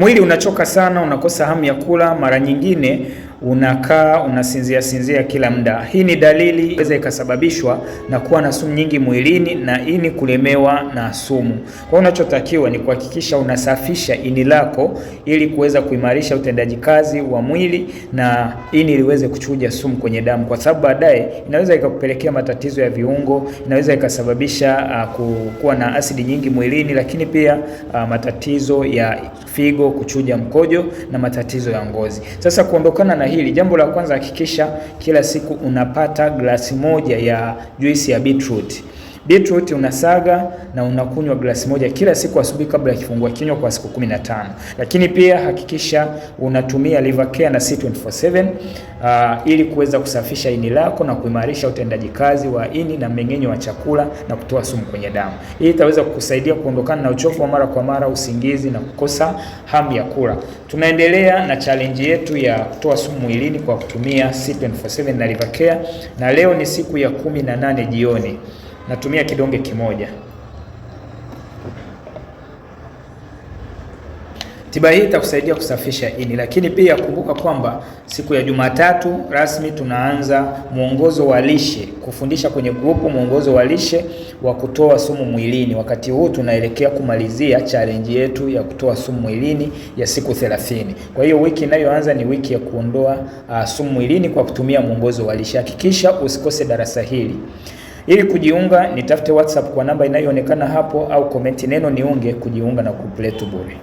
Mwili unachoka sana, unakosa hamu ya kula, mara nyingine unakaa unasinzia sinzia kila muda. Hii ni dalili inaweza ikasababishwa na kuwa na sumu nyingi mwilini na ini kulemewa na sumu. Kwa hiyo unachotakiwa ni kuhakikisha unasafisha ini lako ili kuweza kuimarisha utendaji kazi wa mwili na ini liweze kuchuja sumu kwenye damu, kwa sababu baadaye inaweza ikakupelekea matatizo ya viungo, inaweza ikasababisha uh, kuwa na asidi nyingi mwilini, lakini pia uh, matatizo ya figo, kuchuja mkojo na matatizo ya ngozi. Sasa kuondokana na hili, jambo la kwanza, hakikisha kila siku unapata glasi moja ya juisi ya beetroot. Beetroot unasaga na unakunywa glasi moja kila siku asubuhi kabla ya kifungua kinywa kwa siku 15. Lakini pia hakikisha unatumia Liver Care na C24/7 uh, ili kuweza kusafisha ini lako na kuimarisha utendaji kazi wa ini na mmeng'enyo wa chakula na kutoa sumu kwenye damu. Hii itaweza kukusaidia kuondokana na uchovu wa mara kwa mara, usingizi na kukosa hamu ya kula. Tunaendelea na challenge yetu ya kutoa sumu mwilini kwa kutumia C24/7 na Liver Care na leo ni siku ya 18 jioni natumia kidonge kimoja. Tiba hii itakusaidia kusafisha ini, lakini pia kumbuka kwamba siku ya Jumatatu rasmi tunaanza mwongozo wa lishe, kufundisha kwenye grupu mwongozo wa lishe wa kutoa sumu mwilini. Wakati huu tunaelekea kumalizia challenge yetu ya kutoa sumu mwilini ya siku 30. Kwa hiyo wiki inayoanza ni wiki ya kuondoa uh, sumu mwilini kwa kutumia mwongozo wa lishe. Hakikisha usikose darasa hili. Ili kujiunga nitafute WhatsApp kwa namba inayoonekana hapo au komenti neno niunge kujiunga na kupletu bure.